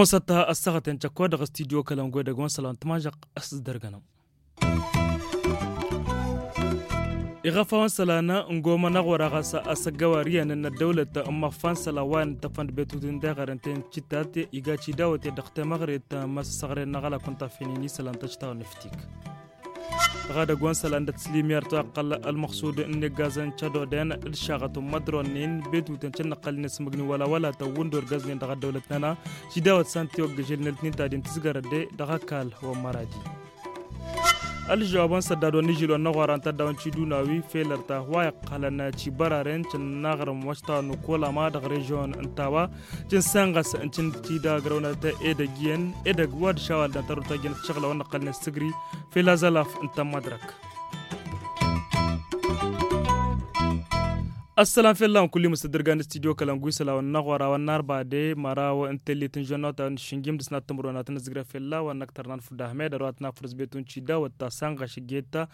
asa asakaten cakwadaka studio kalangwe de wasalan tumajak asus darganam iga fahansalana ngomana waraqasa asagawariyana dawlata ama fansala wan tafand betudinda qaranten citate iga cidawate daqte maqreta masaqre naqala kunta finini salanta citaw neftik غادا غونسل عند تسليم يرتقل المقصود ان غازن تشادو دين الشاغة مدرونين بيتو تنشن قل نسمغني ولا ولا توندور غازن دغ دولتنا شداوت سانتيوغ جلنتين تادين تسغر دي دغ كال ومراجي jawaban sadado nijilo na waranta da dunawi felarta waya kalana ci bararen cin nagar wasta no kola ma da region antawa cin sanga cin ci da grauna ta e da giyen e da gwad shawal da taruta gin shagla wannan kalne sigri felazalaf antam madrak asalan filan kuli musadirgan studio kalanguisala wanna qora wannar baade mara wa intelli tinjano tan shingim disna tumro na tan zigra filla wa naktarnan fuda ahmed rawat na furs betun chida wa ta sanga shigeta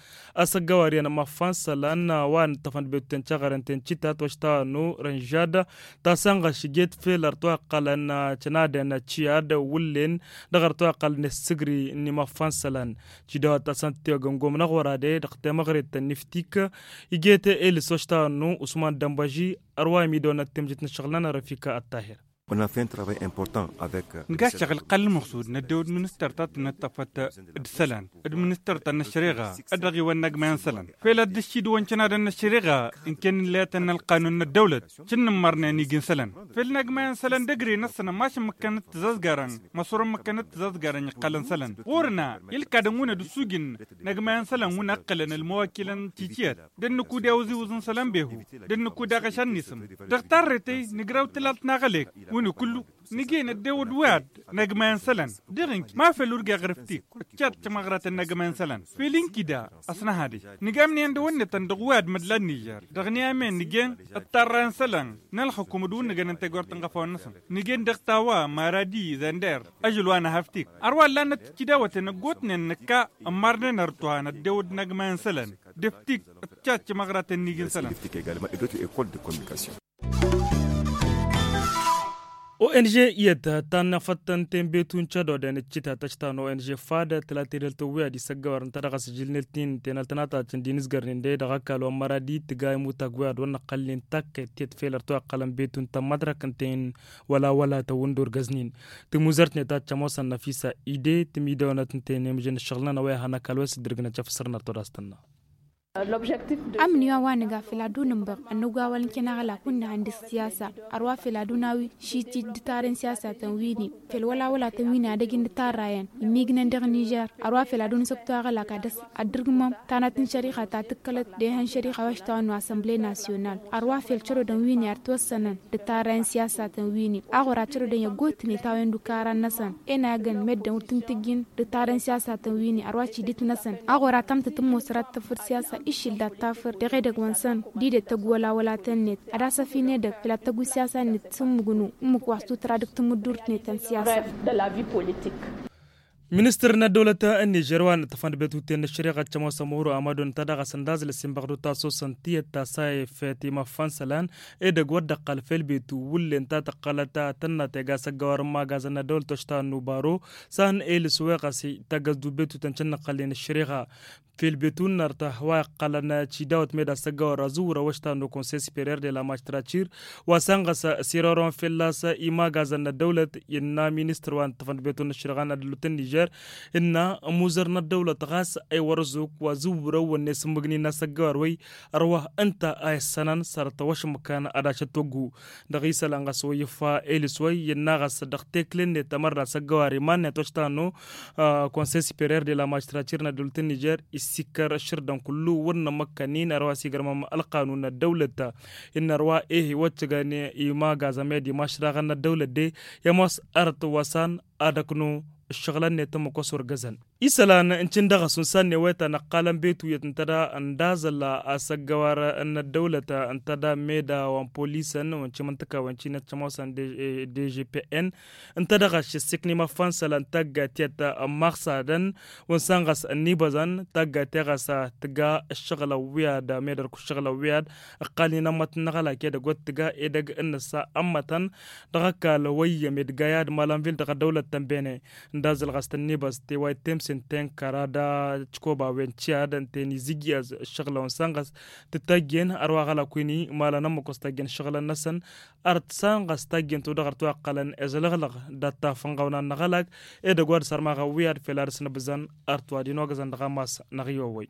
asagawari wari na mafan salan wa tafan betun chagaran ten chita to shta no ranjada ta sanga shiget filar to qalan chana da na chiya da wullen dagar to qal ne sigri ni mafan salan chida wa ta san gongom na qora de daqte maghrib tan niftik igete el so shta no usman دمباجي أروى ميدونا تمجتنا شغلنا رفيقة الطاهر نكاشغل قل مقصود ندو ادمنسترتا تنطفت دسلان ادمنسترتا نشريغا ادغي ونق ما ينسلان فيلا دشي دوان شنا دن نشريغا ان كان لاتن القانون الدولة شن مرنا نيجي نسلان فيلا نق ينسلان دقري نسنا ماش مكانت تزازقارن مصور مكانت تزازقارن يقال نسلان ورنا يلقى دمونا دسوجن نق ما ينسلان ونقلن المواكلن تيتيات دن كودا وزي وزن سلام بيهو دن كودا غشان نسم دغتار رتي نقراو تلات ناغليك ونو كلو نجينا الدول واد نجمان سلن دغنك ما في لورجا غرفتي جات مغرات النجمان سلن في لينكي دا أصنا هادي نجام نين دون تندق واد مدلان نيجر دغني أمين نجين التران سلن نالحكم دون نجين انتقور تنقفون نسن نجين دغتاوا مارادي زندر أجل وانا هفتيك أروى لانا تكداوة نقوت ننكا أمارنا نرتوها الدود نجمان سلن دفتيك جات مغرات النيجن سلن ong yadda ta fatan tembe tun chado da cita ta cita na ong fada talati ta wuya di sagawar ta daga sijil niltin tenal ta cin dinis garin da daga kalwa maradi tiga muta gwaya da wannan kallin ta tet felar to kalan betun ta ta yin wala wala ta wundur gaznin ta muzart ne ta chamosa nafisa ide mi da wannan ta ne mujin shaglan waya hana kalwa sidirgna chafsar na to dastanna amniwa wani ga filadunin bar a walin kina hala kunna handis siyasa arwa filadunawi shi ci ditarin siyasa tan wini fel wala wala tan wini adagin ditar rayan imignan dar niger arwa filadun sabta hala ka das adirgmam tanatin shari'a ta tukkalat da han shari'a washta wani assembly national arwa fel chiro dan wini arto sanan ditarin siyasa tan wini agora chiro dan ya gotini tawen dukaran nasan ina e gan medda mutuntigin ditarin siyasa tan wini arwa ci dit nasan kora tamta tummo sarat ta fur siyasa ishil da tafir da da gwansan di da ta gola wala tan net ada safi ne da fila ta siyasa net sun mugunu mu kwastu tra duk tumudur ne tan siyasa ministir na dowlata nigerian tafande be tutene shariqa chamo samuru amadon tadaqa sandaz le simbardu ta so santiya ta sai e fatima fansalan e de godda qalfel be tu wullen ta taqalata tanna te gasa gawar ma e gaza na dowlata shta nubaro san el suwaqa si tagazdu be tutan channa qalin shariqa fil betun narta hwa qalana chidawt meda sagawar azura washta no conseil superieur de la magistrature wasanga sa siroron fillasa ima gaza na dowlat yenna ministir wan tafande be tun shariqa na dowlata Niger inna muzarna dawla tagas ay warzuk wa zubura wanne sumbagni na sagarway arwa anta ay sanan sarta wash makana adasha togu dagisa langa soye fa elisway yenna gas dakteklen ne tamarra sagawari man ne toshtano conseil supérieur de la magistrature na dawlat Niger isikar shirdan kullu wanna makani na rawa sigarma alqanun na dawlata inna rawa eh wacce ima gazame di mashraga na dawlade yamos art wasan adaknu الشغلانه يتم قصور جزن isala na incin daga sun sanne weta na kalan betu ya tantada an dazala a sagawar na daulata an tada me da wan polisa na wanci mantaka wanci na chamosan dgpn an ta daga shi sikni ma fansala ta gatiya ta maksa dan wan sangas an nibazan ta gatiya gasa ta ga shagala wiya da me da ku shagala wiya a kali na matan na kala ke da gwat ta ga e daga in na sa ammatan daga kalawai ya med gaya da malamvil daga daulatan bene dazal gasta nibaz te wai temps سنتين كرادا تشكوبا وين تشاد تاني زيجياز الشغلة ونسانغس تتاجين أروا غلا كويني مالا نمو كستاجين شغلة نسن أرت سانغس تاجين تودغر توقلا إزلغلغ داتا فنغونا نغلق إيدا قوار سرماغا ويار في لارسن بزن أرتوا دينوغزن دغاماس نغيووي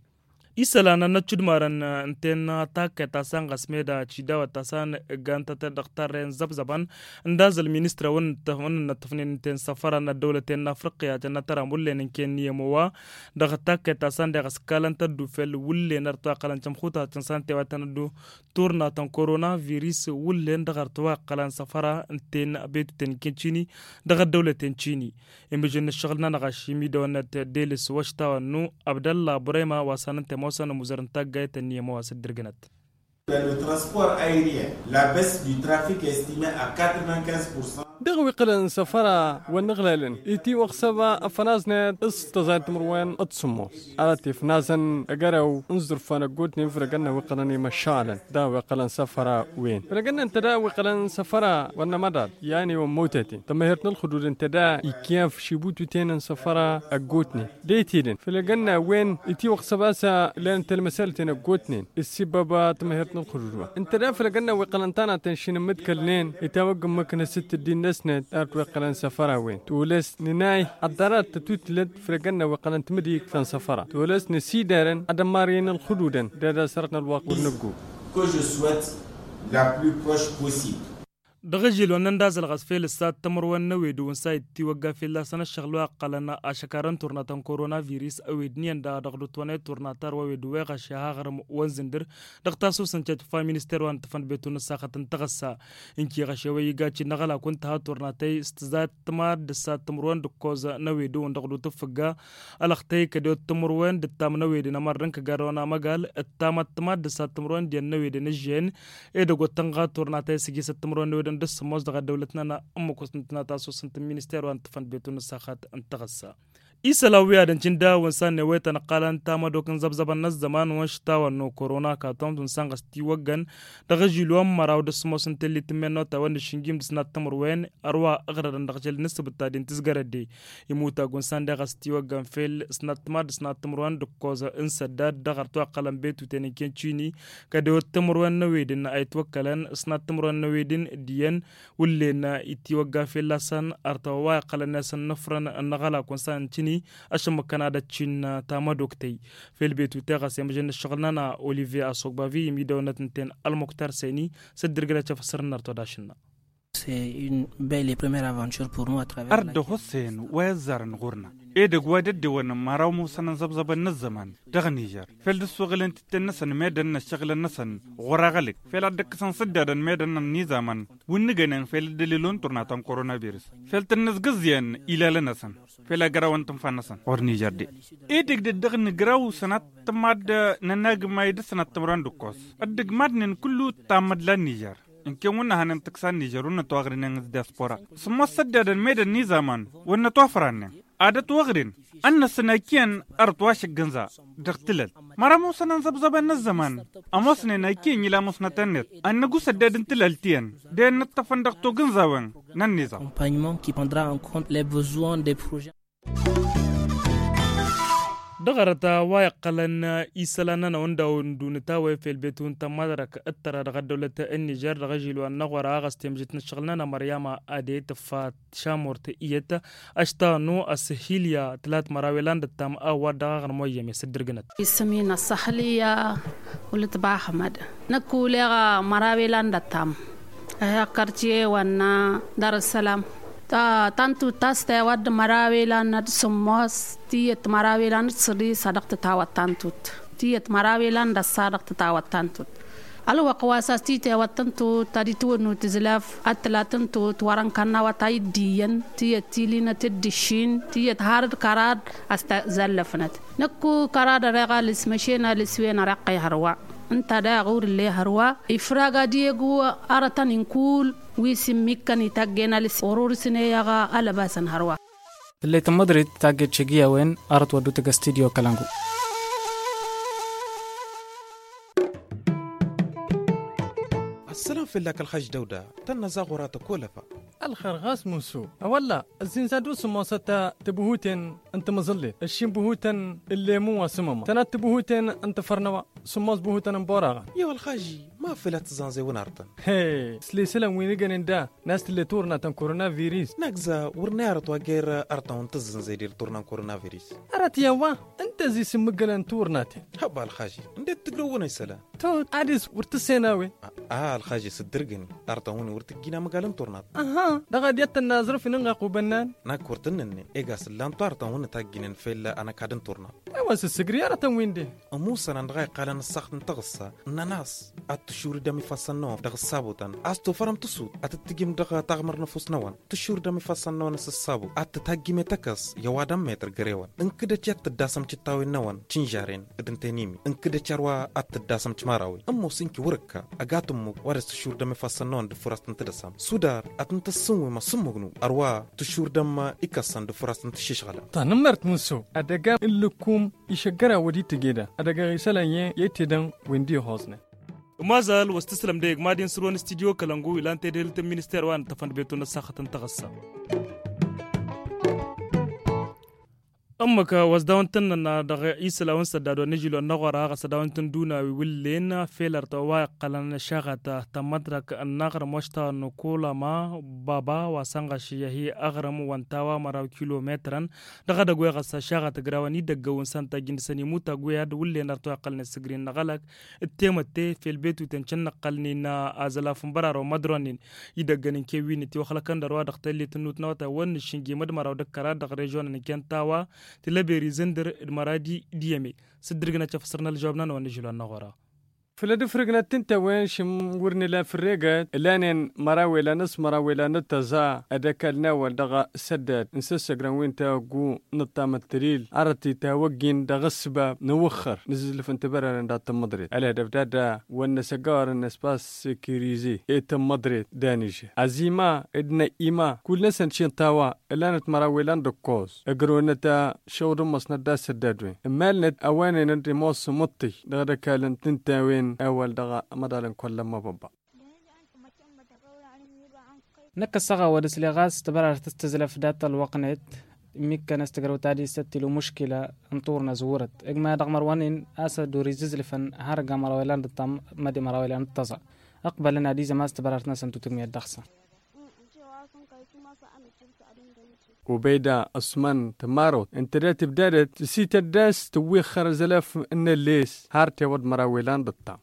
isalana na cudmaran nten ta keta san gasme da cidawa ta san ganta ta daktaren zabzaban nda zal ministra won ta won na tafnin nten safara na dawlaten na afriqiya ta na tara mulle nin ken yemowa da ta keta san da gaskalan ta du fel wulle na ta qalan cham khuta tan san te watan du turna tan corona virus wulle nda gartwa qalan safara nten abet ten ken chini da dawlaten chini imbe jin shaghlna na gashimi da won ta delis washta wonu abdallah burema wasanante mosan muzarantagaytaniyamoasid dirganat Le transport aérien, la baisse du trafic est estimée à 95%. دغوي قلن سفرة ونغلالن إتي وخصبا أفنازنا استزان تمروان أتصمو أراتي فنازن أقارو انزر فانا قوت نفر قلن وقلن مشالا داوي قلن سفرة وين فانا قلن انت داوي قلن سفرة وانا مدار يعني وموتاتي تما هرتنا الخدود انت دا إكياف شبوتو تين سفرة أقوتني ديتي لن فانا قلن وين إتي وخصبا سا لان تلمسالتين أقوتني السببا تما نيت نخرجوا انت رافل قلنا وقلنتنا تنشين مدكلنين يتوقع مكنا ست الدين نسنت ارت وقلن سفرة وين تولس نناي الدرات تتوت لد فرقنا وقلنت مديك تن سفرة تولس نسي دارن ادم مارين الخدودن دادا سرتنا الواقع نبقو Que je souhaite la plus proche possible. dhaqajil wanandas alqasfeel sad tamar wanna weydhuwansayti wagafilasana shaqlua qalana ashakaran turnatan coronavirus awedniyanda dhaqdhutwane turnatar wawedhuweqasha haqaram wanzindir dhaqtaasusanjet fa minister wan tafan betuna saqatan taqasa inki qashawayigaaji naqala kuntaha turnatay istizad tamar disa tamarwan dhukoza nawedhuwan dhaqdhuta faga alaqtay kadeo tamarwan dittam nawedina marranka garona magal ittama tamar disa tamarwan diyan nawedina jeen ee dhagotanqa turnatay sigisa tamarwan nawedina دون دس موز دغا دولتنا نا أمو كوس تاسو سنت مينستير وان بيتون الساخات انتغسا isa lawiya dan cinda wansan ne weta na qalan ta ma dokan zabzaban na zaman wan shita wa no corona ka tom tun san gasti wagan daga jilwan maraw da sumo sun telli timme no ta wanda shingim disna tamur wen arwa agra dan daga jil nisbata din tisgarade imuta gun san da gasti wagan fel snat ma disna tamur wan da koza in sadda daga to qalan betu tene ken chini ka de tamur wan na wedin na ay twakkalan snat tamur wan na wedin diyan wulle na iti wagga fel lasan artawa qalan nasan nafran an nagala kun san chini ni ashama kanada chinna tama doktay felbe tuter asem jenne shaglnana olivier asogbavi yimidawnatinten almoktar seni sadirgala chafasarnar todashna أرض حسين وزارن غورنا إيد قوادد ديوان مراو موسان زبزبان الزمان دغنيجر فيل السوغل انت تنسن ميدن الشغل النسن غراغلك فيل عدك سن صدادن ميدن النيزامان ونغنن فيل دليلون ترناتان كورونا فيروس فيل تنس قزيان إلى لنسن فيل أقراوان تنفانسن غور نيجر دي إيد قد دغن قراو سنات تماد نناغ ما يدسنات تمران دوكوس الدقماد نن كلو تامد لنيجر nke wunna hanen tiksan niger wunna tuwagrin diaspora summa saddadan medan ni zaman wunna tuwafran ne ada tuwagrin anna sanakiyan artuwa shiganza daktilal mara musanan zabzaban na zaman amosne na kiyan yila musna tannet anna gu saddadan tilaltiyan da na tafan dakto ganzawan nan nizam accompagnement qui prendra en compte les besoins des projets dagarata waya qalan isalanana wanda undunita way felbetunta madaraka ittara daga dowlata in niger daga jilwa naqwara agastem jitna shaqlana maryama adeeta faat shamorta iyata ashta nu asahiliya talat marawelanda tam awa daga moyeme sidirganat isamina sahliya ulitba ahmad nakulega marawelanda tam aya kartiye wanna dar salam Tantuttaste maravelanat somos tiet maravelanat sri sadaqta tawatantut. Tiet maravelan da sadaqta tawatantut. Alu waqwasas ti te watantu tadi tu nu tizlaf atlatantu twaran kanna watai diyan tiet tilina tiddishin tiet harad karad asta zallafnat. Nakku karada regal ismashina liswena raqi harwa. ntada agurile harwa ifraga diegu aratanin kuul wisimmikkan itaggenalis ororisineyaga alabasan harwa leita madrid tagge chegiyawen arat wadutega studio kalangu فلاك الخج دودة تنا زاغورات كولفا الخرغاس موسو ولا الزنزادو سمو ستا تبهوتين انت مظلي الشين بهوتن اللي مو سمم تنات تبهوتن انت فرنوا سموز بهوتن مبوراغا يو الخاجي ما في لا تزانزي ونارتن هي سلسلة وين كان دا ناس اللي تورنا تن كورونا فيروس نكزا ورنارت وغير ارتون تزنزي دير تورنا كورونا فيروس ارات وا انت زي سمقلن تورنات هبا الخاجي انت تقلونا يسلا تو اديس ورتسيناوي آه،, اه الخاجي صدرقني ارتون ورتقينا مقالن تورنات اها دا غادي يتنازر في نغا قبنان نا كورتنني ايغا سلان تارتون تاكينن فيلا انا كادن تورنا ايوا سسكري ارتون ويندي دي اموسا نغاي قالن السخت نتغصا ناناس tushuridami fa sannoo daga sabu tan asto faram tusu ata tigim daga tagmar na fus nawan tushuridami fa sannoo na sabu ata tagime takas yawa dam meter garewan inka da ciyar ci tawin nawan cin jarin idan ta nimi inka da ciyarwa ata dasam ci marawi an mo sun ki wurka a gatun mu wada tushuridami fa sannoo da furastan ta dasam sudar atin ta sun wima sun mugnu arwa tushuridan ma ikasan da furastan ta shishgala. ta nan mart musu a daga illukum ishe gara wadi ta geda a daga risalan ya yi tedan mazal wasta salam da yagmadin suruwan studio kalangu ilante da minister wa na tafan beto na sakatan ta gassa. amma ka wasdawantan na daga isalawan sadado nijilo nagora ga sadawantan duna willen felarta wa qalan shagata tamadrak annagar moshta nukula ma baba wa sanga shiyahi agram wantawa maraw kilometran daga da goya gasa shagata grawani daga wonsan ta ginsani muta goya da willen arto qalne sigrin nagalak temate felbetu tancan qalni na azalafun bararo madronin idaganin kewini ti wakhla kan darwa daqtali tunut nawta wan shingi mad maraw dakara daga region ni kentawa تلبيري زندر المرادي ديامي صدرقنا تفسرنا الجوابنا ونجلو النغورا فلا دفرقنا تنتا وين شم ورني لا فريقات لانين مراوي لا نص مراوي لا نتزا اداك الناول دغا نسس نسسق وين تاقو نطام متريل ارتي تاوقين دغا السباب نوخر نزل في لان دات مدريد على هدف دادا وانا سقار النسباس سكيريزي اي مدريد دانيجي ازيما ادنا ايما كل ناس انشين تاوا لانت مراوي لان دكوز اقرو نتا شو مصنا دا سداد وين مالنت اواني ننتي موس مطي دغا دكالن تنتا وين min awal daga madalin kwallon mababba naka saga wada silaqaas tabarar tastazlaf data alwaqnet mika nastagarwataadi satilo mushkila anturna zuwurat igma daqmar wanin asa durizizlifan harga marawilan tam madi marawilan tasa أقبل نادي زماس تبررتنا سنتو تقمية الدخصة وبيدا أسمان تمارو انت دا تبدادت تسيت الداس توي خرزلاف ان الليس هارتي ود مراويلان ضطا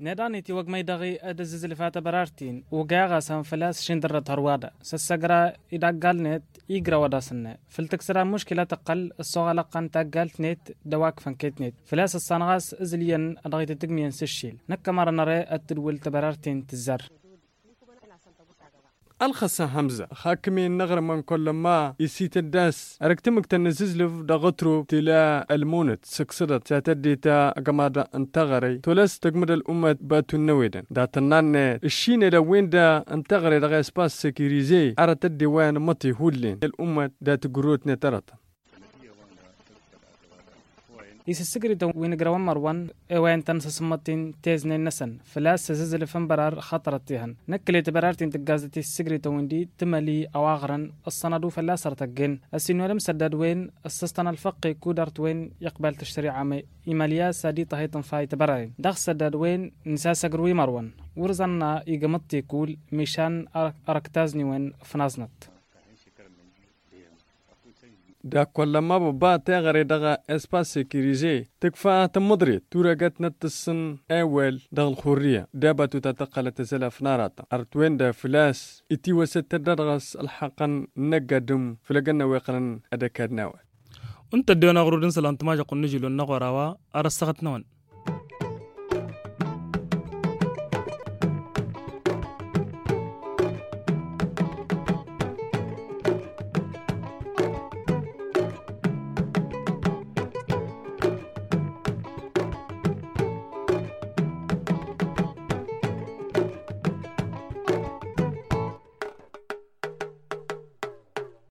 ندان تي وگ ميدغي ادز زلفات برارتين وقاغا سان فلاس شندر تروادا سسگرا ادا قال نت يقرا ودا سنة فلتكسرا مشكلة تقل لقن تا تقال نت دواك فنكيت نت فلاس الصنغاس ازليان ادغيت تتقمين سشيل نكمار مرة نرى التدول تبرارتين تزر الخصا همزة خاكمي النغر من كل ما يسيت الداس أركتمك تنززلف دغترو تلا المونت سكسدة ساتدي تا قمادة انتغري تولس تقمد الأمة باتو النويدا دا تنان الشين دا وين دا انتغري دا غي سباس سكيريزي تدي ديوان مطي هولين الأمة دا تقروت نترطا يسسقريتو إيه وين قراوان مروان اوان تنسى سمتين تيزني نسن فلا سززل فنبرار خطرتيهن نكلي تبرار تين تبرارتين تقازتي السقريتو وندي تملي اغرن الصندو فلا سرتقن السينو لم سداد وين السستان الفقي كودرت وين يقبل تشتري عامي إيماليا سادي طهيتن فاي تبرارين دخ سداد وين نسا سقروي مروان ورزنا يقمطي كول ميشان أركتازني وين فنازنت دا كل ما با تغري دغا اسباس سيكيريزي تكفى تورا قد نتسن اول دغ الخورية دابا تتقل تزلا فناراتا ارتوين دا فلاس اتي وسط درغس الحقن نقدم فلقنا ويقنا ادكاد ناوي انت ديونا غرودن سلانتماجا قنجي لون ارسغت نوان